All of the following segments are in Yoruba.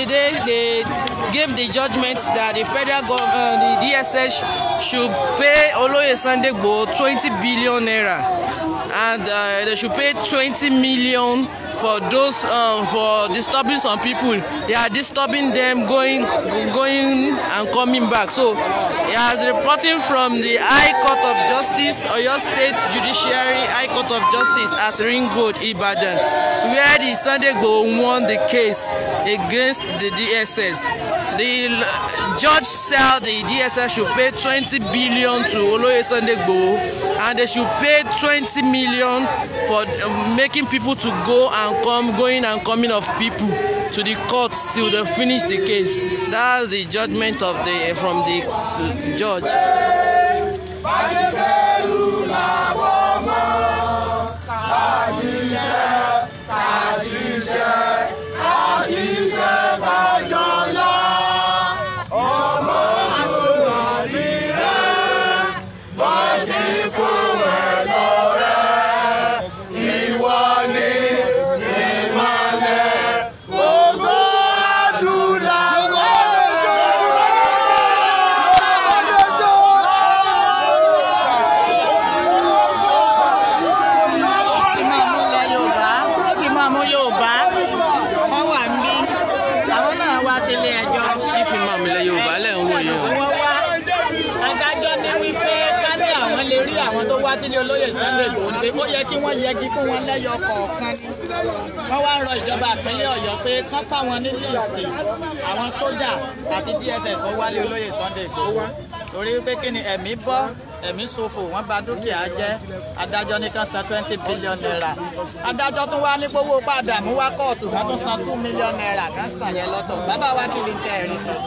yesterday they gave the judgment that the federal government uh, the DSS should pay Oloye Sunday Igboho 20 billion naira and uh, they should pay twenty million for those um, for disturbing some people they are disturbing them going going and coming back so he has reporting from the high court of justice oyo state judiciary high court of justice at ring ibadan where the sunday Go won the case against the dss the judge said the dss should pay twenty billion to oloye sunday Go, and they should pay twenty million for um, making people to go and and come going and coming of people to the courts till they finish the case that's the judgment of the eh, from the judge. Yeah. wá sílé olóyè Sunday Igboho ṣe ó yẹ kí wọ́n yẹgi fún wọn lẹ́yọ kọ̀ọ̀kan ni wọ́n wá rọ ìjọba àpínlẹ̀ Ọ̀yọ́ pé kán fáwọn ní líìsì àwọn sójà àti DSS tó wálé olóyè Sunday Igboho torí pé kí ni ẹ̀mí bọ́ ẹ̀mí ṣòfò wọ́n bà dúkìá jẹ́ adájọ́ ní kan san twenty billion naira adájọ́ tún wá ní gbowó padà mú wá kóòtù kan tún san two million naira kan sàn yẹn lọ́tọ̀ bàbá wa kì í lè tẹ ẹ̀rí sàn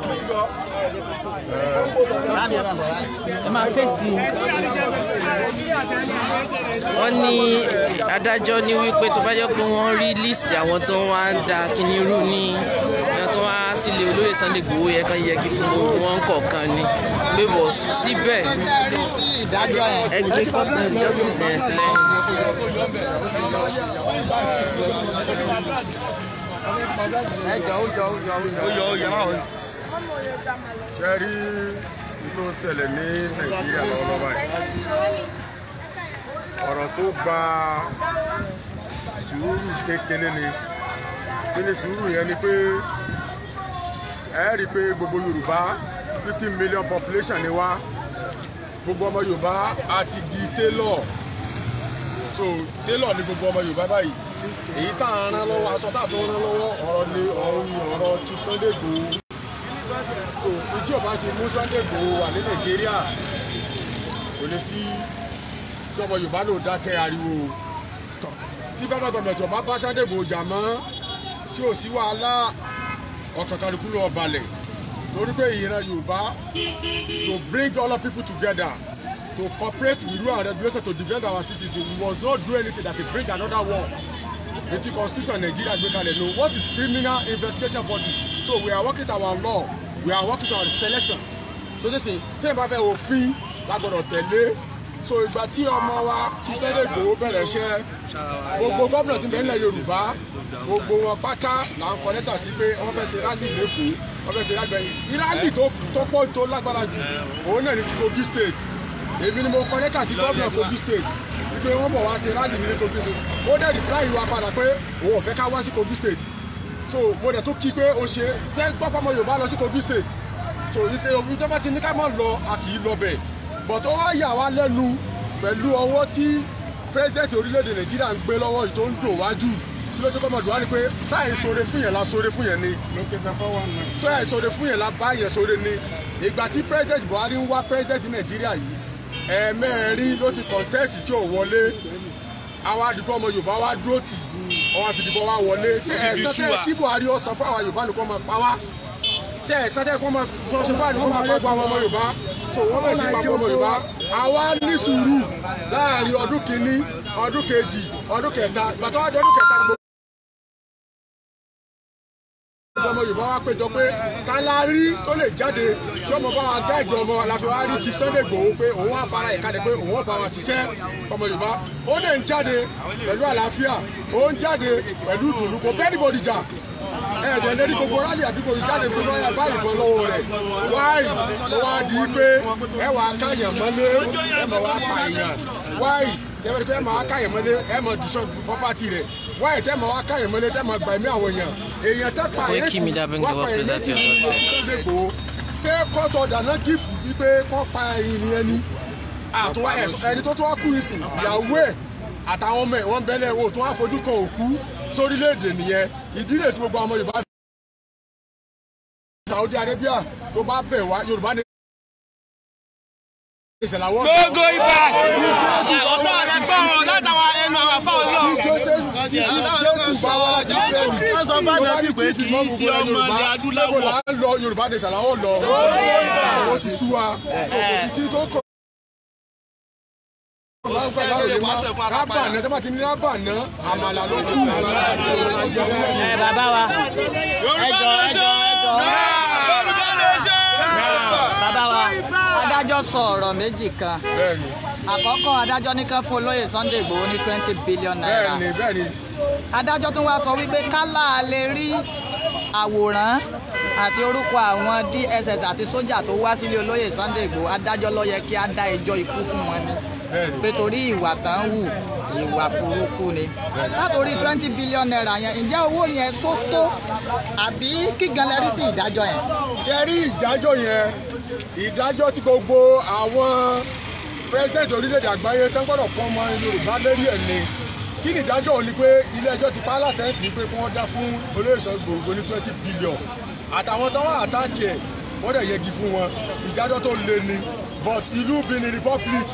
sí. ẹ máa fèsì wọ́n ní adájọ́ ní wípé tó bá jẹ́ pé wọ́n rí list àwọn tó wá ń da kìnìún ní tó wá sílé olóyè Sunday Igboho yẹ kán yẹgi fún gbogbo wọn kọ̀ọ̀kan ni pé bọ̀ síbẹ̀ ẹgbẹ́ cotton justice yẹn sílẹ̀. ẹ tó ṣẹlẹ̀ ní Nàìjíríà lọ́wọ́lọ́wọ́ yìí ọ̀rọ̀ tó gba sùúrù kékeré ni kí ni sùúrù yẹn ni pé ẹ rí i pé gbogbo Yorùbá fifteen million population ni wá gbogbo ọmọ Yorùbá a ti di tailor so tailor ni gbogbo ọmọ Yorùbá báyìí èyí tá a rán lọ́wọ́ aṣọ tá a tó rán lọ́wọ́ ọ̀rọ̀ ni ọ̀run ni ọ̀rọ̀ Chief Sunday Igboho so ojú ọba ti mú Sunday Igboho wà ní Nàìjíríà kò lè sí tí ọmọ Yorùbá ló dákẹ́ ariwo tí federal government ọba bá Sunday Igboho jà mọ́ tí ò sí wàhálà ọkàn kálukú ló balẹ̀ torí pé ìran Yorùbá to bring all our people together to cooperate with our regulation to defend our citizens we must not do anything that will bring another war with the constitution Nigeria gbé kalẹ̀ no what is criminal investigation body so we are working our law we are working our selection so they say tẹ́yìn bá fẹ́ òfin lágbọ́dọ̀ tẹ̀lé so ìgbà tí ọmọ wa ti sẹ́dẹ̀ gbòó bẹ̀rẹ̀ iṣẹ́ gbogbo gómìnà ti bẹ̀rẹ̀ Yorùbá gbogbo wọn pátá là ń kọ lẹ́tà sí pé wọ́n fẹ́ ṣe rally lẹ́kọ̀ọ́ wọ́n fẹ́ ṣe rally bẹ́yìn rally tó pọ̀ tó lágbára jù òun náà ní ti Kogi state èmi ni mo kọ lẹ́tà sí gómìnà Kogi state wípé wọ́n bọ̀ wá ṣe rally ní Kogi state ó dẹ̀ reply wa padà pé òun ò fẹ́ ká wá sí Kogi state so mo dẹ̀ tó kí pé o ṣe ṣé pápá ọmọ Yorùbá lọ sí Kogi state so òfin tó bá ti ní ká mọ̀ lọ a kì í lọ bẹ̀ but ó wá yà wá lẹ́nu pẹ̀lú ọwọ́ tí president orílẹ̀-èdè Nàìjíríà ń gbé lọ́wọ́ yìí tó ń dùn wájú lójú kọ́mọ dùn wá ni pé táì sóore fún yẹn la sóore fún yẹn ni táì sóore fún yẹn la bá yẹn sóore ni ìgbà tí president Buhari ń wá president Nàìjíríà yìí ẹ̀ẹ̀mẹ́rin ló ti contest tí ò wọlé àwa àdìgbò ọmọ Yorùbá wa dúró tì ọwọ́ àfìdìbò wa wọlé ṣé ẹ̀sán tẹ́ kí Buhari ó san fún àwa Yorùbá nìkan máa pa wá ṣé ẹ̀sán tẹ́ kí wọ́n máa ṣe fún àdìgbò máa gbọ́ àwọn ọmọ Yorùbá tó wọ́n bẹ̀rẹ̀ sí papọ̀ ọmọ Yorùbá àwa ní sùúrù láàrin ọdún kìíní ọdún kejì ọdún kẹta ìgbà tó wá di ọdún kẹta àwọn Yorùbá wa péjọ pé ta la rí tó lè jáde tí ọmọ bá wa gáàdì ọmọ aláfi wa rí Chief Sunday Igboho pé òun wá fara ìkàlẹ̀ pé òun bá wa ṣiṣẹ́ ọmọ Yorùbá ó lè ń jáde pẹ̀lú àlàáfíà ó ń jáde pẹ̀lú ìdùnnú kò bẹ́ẹ̀ níbo dìjà ẹ̀jẹ̀ lérí gbogbo rálì àdúgbò yìí jáde tó lọ́yà báyìí bọ́ lọ́wọ́ rẹ̀ wáyì ó wá di pé ẹ wàá káyàn mọ́lé ẹ mọ̀ wá pààyàn wáyì ẹ máa káyàn mọ́lé ẹ mọ̀ dìṣọ́ pọ́pátì rẹ̀ wáyé tẹ́ mọ̀ wá káyè mọ́lé tẹ́ mọ̀ gbàmí àwọn èèyàn èèyàn tẹ́ pa ẹ̀ lẹ́tì wọ́n pa ẹ̀ lẹ́tì ìlú Ìgbòho ṣé kọ́tọ̀ dáná gífù wípé kọ́ pa ẹ̀yìn ni ẹni àtúwá ẹni tó tó wá kú ìsìn ìyàwó ẹ̀ àtàwọn ọmọ ẹ̀ wọ́n bẹ́lẹ̀ wò tó wá fojú kan òkú sórílẹ̀-èdè nìyẹn ìdílé tí gbogbo ọmọ Yorùbá fi Saudi Arabia tó bá bẹ̀ wá Yorùbá ní. Gbogbo ibà. Ọ̀tá rẹ̀ gbọ́rọ̀ látàwọn ẹnu àwọn afá ọlọ́run. Wọ́n sọ fún Adébí pé kì í ṣe ọmọ ilẹ̀ adúláwọ̀. Yorùbá lọ Yorùbá ní ìṣàlàwọ̀ lọ. Ó ti sú wa. Òkòtì tí tó kọ̀. Rábà náà tẹ́lá ti ní rábà náà àmàlà ló kù. Ẹ bàbá wa. Yorùbá. adájọ́ sọ méjì kan àkọ́kọ́ adájọ́ ní kán fún olóyè Sunday Igboho ní twenty billion naira adájọ́ tún wá sọ wípé kálá lè rí àwòrán àti orúkọ àwọn DSS àti sójà tó wá sílé olóyè Sunday Igboho adájọ́ ló yẹ kí á dá ẹjọ́ ikú fún wọn ni pé torí ìwà tán wù ìwà burúkú ni látòrí twenty billion naira yẹn ǹjẹ́ owó yẹn tó tó àbí kí gan lẹ rí sí ìdájọ́ yẹn. ṣe rí ìdájọ́ yẹn ìdájọ́ tí gbogbo àwọn president orílẹ̀-èdè àgbáyé tó gbọ́dọ̀ pọ́n ọmọ Yorùbá lérí ẹ̀ ni kí ni ìdájọ́ òní pé ilé ẹjọ́ ti pa aláṣẹ ń sìn pé kí wọ́n dá fún olóyè Ṣàngó ní twenty billion àtàwọn tó wà àtàkì ẹ̀ wọ́n dẹ̀ yẹgi fún wọn ìdájọ́ tó le ni but ìlú Benin Republic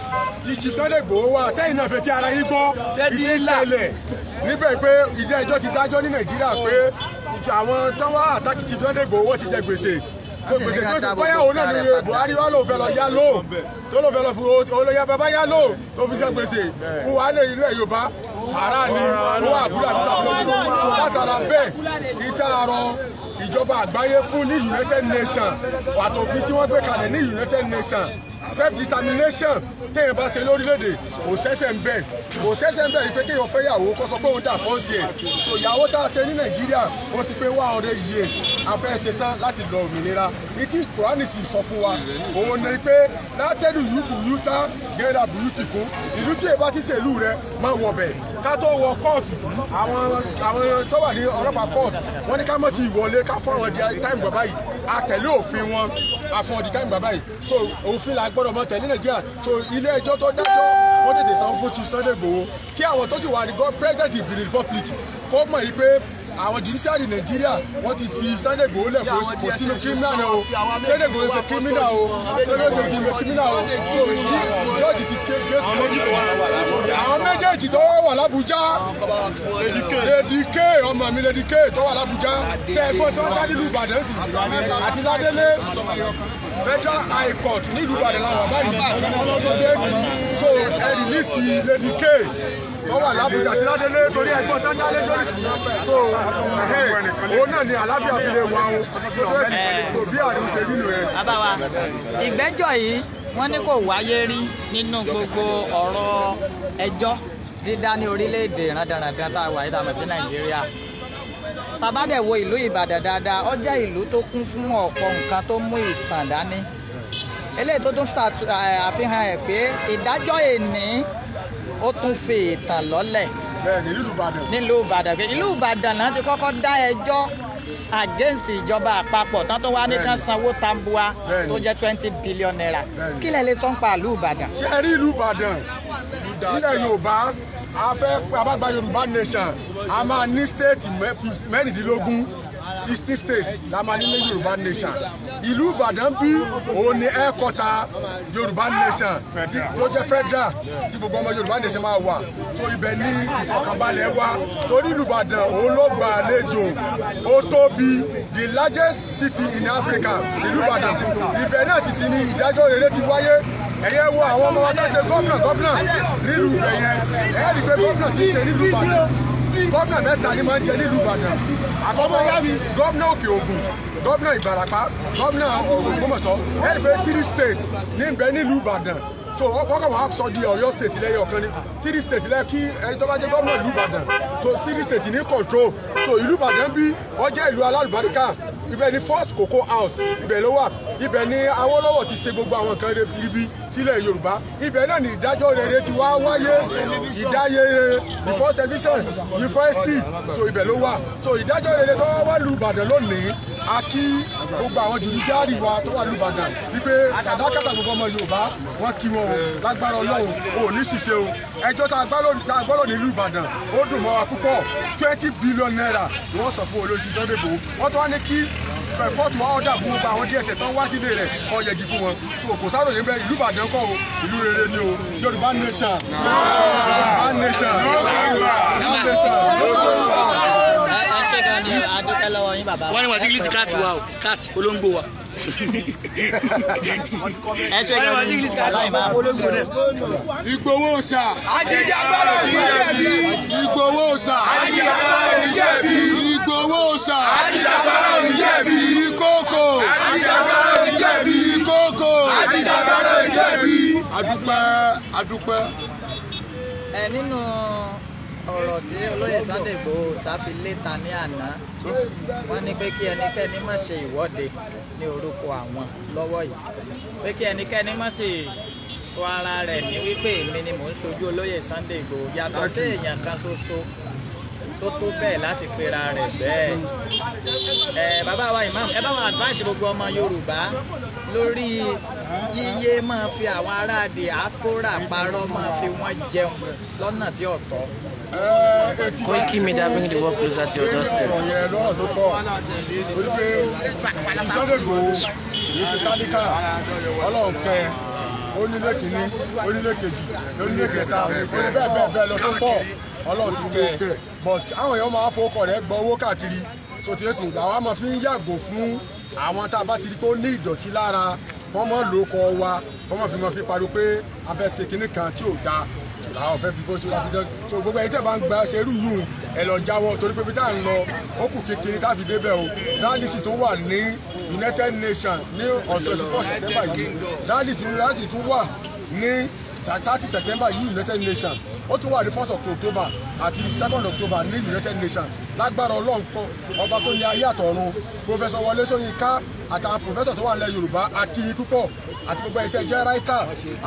Egypt tọ́lẹ̀ gbòó wà sẹ́yìn náà fetí ara yín gbọ́ ìdí ìṣẹ̀lẹ̀ níbẹ̀ pé ilé ẹjọ́ ti dájọ́ ní Nàìjíríà pé àwọn tọ́wọ́ àtàkì Chief tọ́lẹ̀ gbòó wọ́n ti jẹ gbèsè tó gbèsè tó ti báyà òun náà ní Buhari wà lóun fẹ́ lọ yá lò tó lóun fẹ́ lọ fi olóyè bàbá yá lò tó fi ṣe gbèsè fún wa ní ilé Yorùbá sàrà ni owó àbúrò àti sàbúrò tó látara bẹ́ẹ̀ ìta àrọ ìjọba àgbáyé fún ní United Nations àtòfin tí wọ́n gbé kalẹ̀ ní United Nations self determination téèyàn bá ṣe lórílẹ̀‐èdè kò ṣẹ̀ṣẹ̀ ń bẹ̀ kò ṣẹ̀ṣẹ̀ ń bẹ̀ yìí pé kéèyàn fẹ́ yàwó kó sọ pé òun dà fọ́ọ̀sì ẹ̀ so ìyàwó tá a ṣe ní nàìjíríà ó ti pé one hundred years afẹ́ ṣe tán láti lọ òmìnira ìtí kùránì sì sọ fún wa òun ni pé látẹ́lù yìí bùyú tá gẹ́ra bùyú ti kún ìlú tí èèbá ti ṣèlú rẹ máa wọ̀ bẹ̀ ká tó wọ kóòtù àwọn tó wà ní ọlọ́pàá kóòtù wọ́n ní ká mọ̀ ti ìwọlé ká fọ́ àwọn di time bàbá yìí a tẹ̀lé òfin wọn àfọ̀n ọ̀dìkà ìgbà báyìí so òfin la gbọ́dọ̀ mọ tẹ̀lé Nàìjíríà so ilé ẹjọ́ tó dájọ́ wọ́n tètè sanwó fún Chief Sunday Igboho kí àwọn tó sì wà ní president of the republic kó mọ̀ yìí pé àwọn judiciary nàìjíríà wọ́n ti fi Sunday Igboho lẹ̀ kó sínú criminal náà o Sunday Igboho ṣe criminal o Sunday Igboho ṣe criminal o tó ìdí jọ́ọ̀jì ti ké gẹ́sì lójú tó àwọn méjèèjì tó wà lábújá lédìké ọmọ mi lédìké tó wà lábújá ṣe ẹgbẹ́ tí wọ́n bá nílùú Ìbàdàn sì àti ládélé federal high court nílùú Ìbàdàn làwọn báyìí tó dé sí so ẹ rìlíìsì lédìké. tó wà lábùjá tí ládélé torí ẹgbọ́n sáńdálé lórí tó òun o tó bí àrùn ṣe nínú ẹ. ìgbẹ́jọ́ yìí wọ́n ní kò wáyé rí nínú gbogbo ọ̀rọ̀ ẹjọ́ dídá ní orílẹ̀-èdè rádaràdan tá a wà yìí tá a mọ̀ sí nàìjíríà bàbá dẹ̀ wo ìlú ìbàdàn dáadáa ó jẹ́ ìlú tó kún fún ọ̀pọ̀ nǹkan tó mú ìtàn dání eléyìí tó tún àfihàn ẹ̀ pé ìdájọ́ ó tún fi ìtàn lọ́lẹ̀. bẹ́ẹ̀ni nílùú ìbàdàn. nílùú ìbàdàn pé ìlú ìbàdàn náà ti kọ́kọ́ dá ẹjọ́ against ìjọba àpapọ̀ tán tó wá ní kán sanwó tambua tó jẹ́ twenty billion naira kí lẹ lè sọ ń pa ìlú ìbàdàn. ṣe rí ìlú ìbàdàn nílẹ̀ yorùbá a fẹ́ abágbá yorùbá nation a máa ní state mẹ́rìndínlógún sixty states la máa nílé nation ìlú ìbàdàn bí òun ni ẹ̀ẹ́kọ́ta yorùbá nation tó jẹ́ federal tí gbogbo ọmọ yorùbá nation máa wà tó ibẹ̀ ní ìfọ̀kànbalẹ̀ wa torí ìlú ìbàdàn òun ló gbà àlejò ó tóbi the largest city in africa ìlú ìbàdàn ibẹ̀ náà sì ti ní ìdájọ́ rere ti wáyé ẹ̀yẹ wo àwọn ọmọ wa tó ṣe gómìnà gómìnà nílùú ẹ̀yẹ ẹ̀ẹ́dì pé gómìnà ti ṣe nílùú ìbàdàn gómìnà mẹ́ta ni máa ń jẹ nílùú Ìbàdàn àkọ́kọ́ gómìnà Òkè Ògùn gómìnà Ìbàràpá gómìnà Ògbómọ̀ṣọ́ ẹni pé three states ní ń bẹ nílùú Ìbàdàn so wọ́n kàn wá sọ di Ọ̀yọ́ state lẹ́yìn ọ̀kan ni three state lẹ́yìn kí ẹni tó bá jẹ́ gómìnà ìlú Ìbàdàn so three state ní control so ìlú Ìbàdàn bí ó jẹ́ ìlú alálùbáríkà ibẹ̀ ni first cocoa house ibẹ̀ ló wà ibẹ̀ ni Awólọ́wọ̀ ti ṣe gbogbo àwọn nǹkan ribiribi sílẹ̀ Yorùbá ibẹ̀ náà ni ìdájọ́ rere ti wá wáyé ìdáyé the first edition university so ibẹ̀ ló wà so ìdájọ́ rere tó wá lù Ìbàdàn lónìí a kí gbogbo àwọn judiciary wa tó wà lù Ìbàdàn wípé sàdákàtà gbogbo ọmọ Yorùbá wọn kí wọn o lágbára Ọlọ́run o ò ní ṣiṣẹ́ o ẹjọ́ ta a gbọ́ lónìí lu Ìbàdàn ó dùn mọ́ wa púpọ̀ twenty billion naira ni wọ́n sọ fún olóṣìṣẹ́ dèbò wọ́n tún wá ní kí kóòtù wa ọ̀dà fún gbogbo àwọn DSS tán wá sílé rẹ̀ kó yẹgi fún wọn tó kò sáròyé bẹ́ẹ̀ ìlú Ìbàdàn kọ́ o ìlú rere ni o Yorùbá nation Yorùbá nation Yorùbá nation adúpẹ́ lọ́wọ́ yín bàbá. wọ́n ní wọ́n ti gílísì káàtì wa o káàtì olóńgbò wa. ẹ ṣe ni olóńgbò náà. Ìgbòho ṣá. àjíjà gbọ́dọ̀ bí ẹbí. Ìgbòho ṣá. àjíjà gbọ́dọ̀ dúpẹ́. ẹ nínú ọ̀rọ̀ tí olóyè Sunday Igboho sáfi léta ní àná wọ́n ní pé kí ẹnikẹ́ni má ṣe ìwọ́de ní orúkọ àwọn lọ́wọ́ yìí pé kí ẹnikẹ́ni má sì sọ ara rẹ̀ ní wípé èmi ni mò ń ṣojú olóyè Sunday Igboho yàtọ̀ sí èèyàn kan ṣoṣo tó tó bẹ́ẹ̀ láti pera rẹ̀ bẹ́ẹ̀ ẹ bàbá wa imam ẹ bá wọn advice gbogbo ọmọ Yorùbá lórí yíyé máa fi àwọn ará diaspora parọ́ máa fi wọ́n jẹun lọ́nà tí ò tọ́. Koiki Media bring the world closer to your doorstep. ìyẹn lọ́rọ̀ tó pọ̀ olùgbé ìsọdẹ̀gbò kì í ṣe tálíkà ọlọ́run fẹ́ onílé kìíní onílé kejì onílé kẹta bẹ́ẹ̀ bẹ́ẹ̀ bẹ́ẹ̀ lọ tó pọ̀ ọlọ́run ti kẹ́ ẹ̀ but àwọn èèyàn máa fọwọ́kọ̀ rẹ̀ gbọ́ owó káàkiri so tí yóò sì làwọn máa fi ń yàgò fún àwọn tá a bá ti rí pé ó ní ìdọ̀tí lára kọ́ mọ́ ló kọ́ wa kọ́ mọ́ fi mọ́ fi pariwo pé a fẹ́ ṣe kinní kan tí ò da ṣùgbọ́n àwọn fẹ́ fi bó ṣe la fi dán so gbogbo ẹ̀yin tẹ̀ bá ń gba ṣe irú yùn ẹ̀ lọ jáwọ́ torí pé peter ń lọ ó kù kékeré káfi débẹ̀ o dáàdìsì tó wà ní United Nations ní on twenty four September yìí dáàdìsì tún wà ní thirty September yìí United Nations ó tún wà ní first of October àti second October ní United Nations lágbára Ọlọ́run kọ́ ọba tó ní ayé àtọ̀run Professor Wọlé Ṣóyínká àtàwọn pòfẹ́sọ̀ tó wà nílẹ̀ Yorùbá a kí yín púpọ̀ àti gbogbo ẹ̀yin tẹ́ jẹ́ ráítà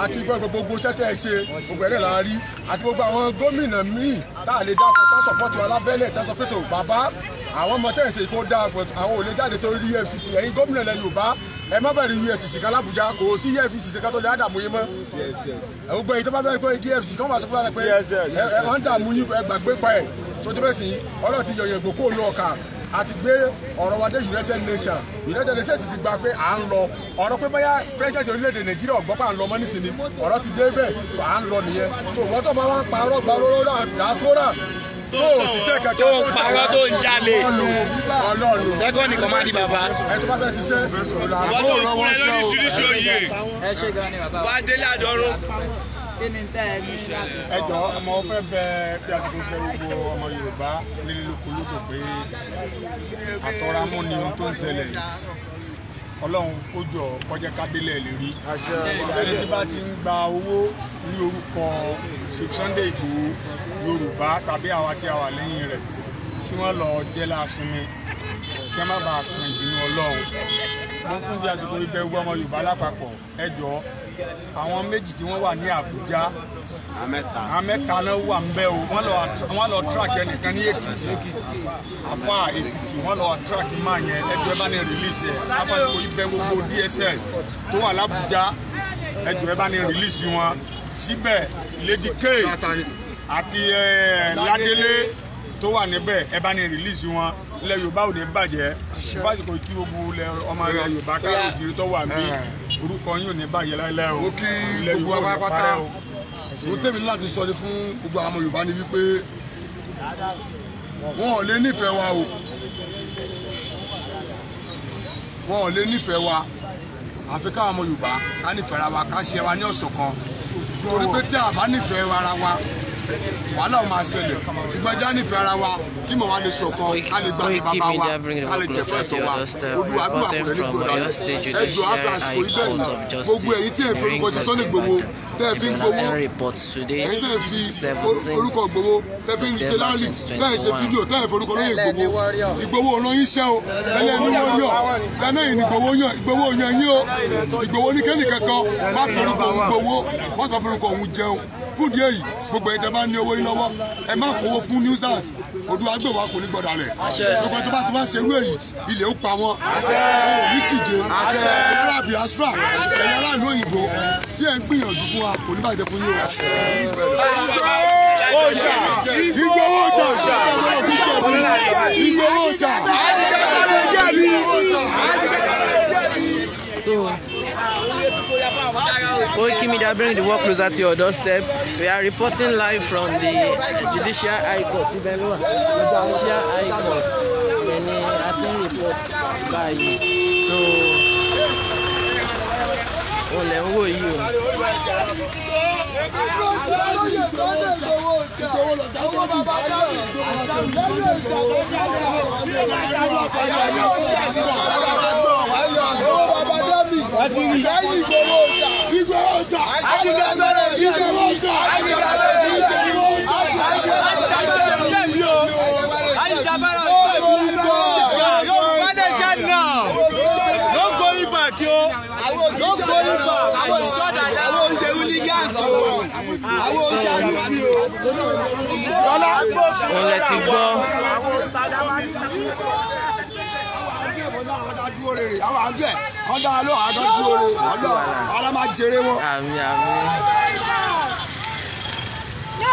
a kí gbogbo gbogbo iṣẹ́ tẹ́ ẹ ṣe gbogbo ẹ̀rẹ́ là á rí àti gbogbo àwọn gómìnà míì tá a lè dáko tá sọ̀pọ̀tì wa lábẹ́lẹ̀ tá sọ pé tó bàbá àwọn ọmọ tẹ́ ẹ̀ ṣe kó dáa but àwọn ò lè jáde tó rí EFCC ẹ̀yin gómìnà ilẹ̀ Yorùbá ẹ má bẹ̀rẹ̀ EFCC kan l'Abuja kò sí EFCC kan tó lè dààmú yín mọ́ ẹ gbogbo èyí tó bá bẹ̀rẹ̀ e pé EFCC kan wà sọ pé ẹ ń dààmú yín ẹ gbàgbé pa ẹ̀ sotí bẹ́ẹ̀ sì ọlọ́ọ̀tì yọ̀yẹ̀ gbòkó lọ́ọ̀ka a ti gbé ọ̀rọ̀ wa dé united nations united nations ti gba pé à ń lọ ọ̀rọ̀ pé bóyá president orílẹ̀-èdè nàìjíríà ọ̀gbọ́n pa à ń lọ mọ́ nísìnyí ọ̀rọ̀ ti dé bẹ́ẹ̀ tó à ń lọ nìyẹn tó wọ́n tó máa wá ń parọ́ gbaróró diaspora tó òṣìṣẹ́ kankan tó parọ́ tó ń jalè ọlọ́ọ̀lù second commandi baba. ẹ tó bá fẹ́ ṣiṣẹ́ ìlànà ìrọwọ́ ṣe o ẹ ṣe gan wá délé àdọ́rùn kí ni tẹ́ ẹ ní láti sọ. ẹ jọ ọmọ fẹ́ bẹ fi àtúntò fẹ́ gbogbo ọmọ Yorùbá nílé lóko lóko pé àtọ́ramú ni ohun tó ń ṣẹlẹ̀ yìí Ọlọ́run kó kọjá kábílẹ̀ lè rí ẹni tí bá ti ń gba owó ní orúkọ Sunday Igboho Yorùbá tàbí àwa tí a wà lẹ́yìn rẹ̀ kí wọ́n lọ jẹ́ lásinmi kí wọ́n má bàa kan ìbínú Ọlọ́run mo tún fi àsìkò ibẹ̀ wú ọmọ Yorùbá lápapọ̀ ẹ àwọn méjì tí wọ́n wà ní Àbújá àwọn mẹ́ta náà wà ń bẹ̀ o wọ́n lọ track ẹnìkan ní Èkìtì afa Èkìtì wọ́n lọ track máa yẹn ẹjọ́ ẹ bá ní release ẹ̀ abájọ́ ibẹ̀ gbogbo DSS tó wà l'Àbújá ẹjọ́ ẹ bá ní release wọn síbẹ̀ Lady K àti eh, Ládélé tó wà níbẹ̀ ẹ bá ní release wọn ilẹ̀ Yorùbá ò ní bàjẹ́ fásitì kò kí gbogbo ọmọ Yorùbá káàró ìdírí tó wà mí orúkọ yín ò ní bàjẹ́ láìláì o. mo kí gbogbo wa pátá mo tẹ̀mí láti sọ ni fún gbogbo àwọn Yorùbá ni wípé wọn ò lè nífẹ̀ẹ́ wa o wọn ò lè nífẹ̀ẹ́ wa àfi káwọn ọmọ Yorùbá ká nífẹ̀ẹ́ ra wa ká ṣe wa ní ọ̀ṣọ̀kan torí pé tí a bá nífẹ̀ẹ́ ara wa wàhálà ò máa ṣẹlẹ̀ ṣùgbọ́n ẹja nífẹ̀ẹ́ ara wa kí mọ̀ wá lè ṣọ̀kan a lè gbàgbé bàbá wa a lè jẹ̀fọ́ ẹ̀tọ́ wa olúwa kò ní gbòòrò rẹ̀ ẹjọ́ abdul àsìkò ibẹ̀ yìí gbogbo èyí tí èyí forúkọ ti Sunday Igboho tẹ́ ẹ fi ń gbowó èyí tẹ́ ẹ fi orúkọ gbowó tẹ́ fi ń ṣe láàlì tẹ́ ṣe fídíò tẹ́ forúkọ lóye Igboho Igboho ọ̀ràn yín ṣẹ́ o ẹlẹ́ni wọ́n yàn fúdi èyí gbogbo ẹ̀ tẹ́ bá ní owó yín lọ́wọ́ ẹ má kówó fún newsers Odùa gbè kò ní gbọ́dọ̀ rẹ̀ gbogbo ẹ̀ bá ti wá ṣerú èyí ilẹ̀ ó pa wọn owó ní kìje ẹ̀yẹ́ rà Biafra ẹ̀yẹ́ rà òyìnbó tí ẹ̀ ń gbìyànjú fún wa kò ní bàjẹ́ fún yín o. Ìgbòho ọjà Ìgbòho ọjà Ìgbòho ọjà. Koiki Media bring the work closer to your doorstep. We are reporting live from the Judicial High Court. Ibẹ̀ ló wà. Judicial High Court. Ẹni a ti ń report báyìí. So wọ́n lẹ̀ ń wò yìí o. Owó bàbá Dábì lẹ́yìn ìgbòho ṣá. Igwe Ọ̀sà. Àtijọ́ gbọ́dọ̀ now. No going back yo. No going back. Àwọn ìṣọ́dà ni àwọn oúnjẹ hooligans o. Àwọn oúnjẹ arúgbì o. Sọlá. Òun lè àwọn àgbẹ̀ kọ́ dá lọ àádọ́ dúró re wọn. àmín àmín.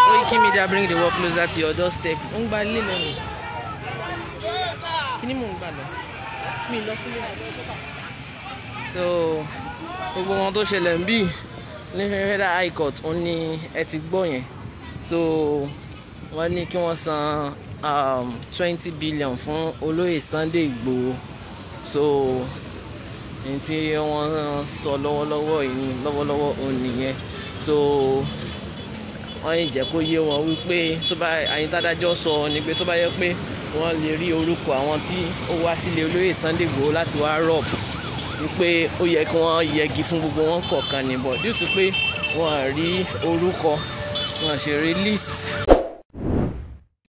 Koiki Media bring the world closer to your doorstep. ń gba ilé lọ́nà kí ni mò ń gbà lọ mi lọ fún ilé àgbẹ̀ ṣọ́kà. so gbogbo wọn tó ṣẹlẹ̀ ń bì ní federal high court ó ní ẹ ti gbọ́ yẹn so wọ́n ní kí wọ́n san twenty um, billion fún olóyè Sunday Igboho so ní tí wọ́n sọ lọ́wọ́lọ́wọ́ yìí lọ́wọ́lọ́wọ́ òun nìyẹn so wọ́n yìí jẹ́ kó yé wọn wípé tó bá àyíntádájọ́ sọ ni pé tó bá yẹ pé wọ́n lè rí orúkọ àwọn tí ó wá sílé olóyè Sunday Igboho láti wá rọ̀b wípé ó yẹ kí wọ́n yẹgi fún gbogbo wọn kọ̀ọ̀kan nìbọ̀ due to pé wọ́n rí orúkọ wọ́n ṣe rí list.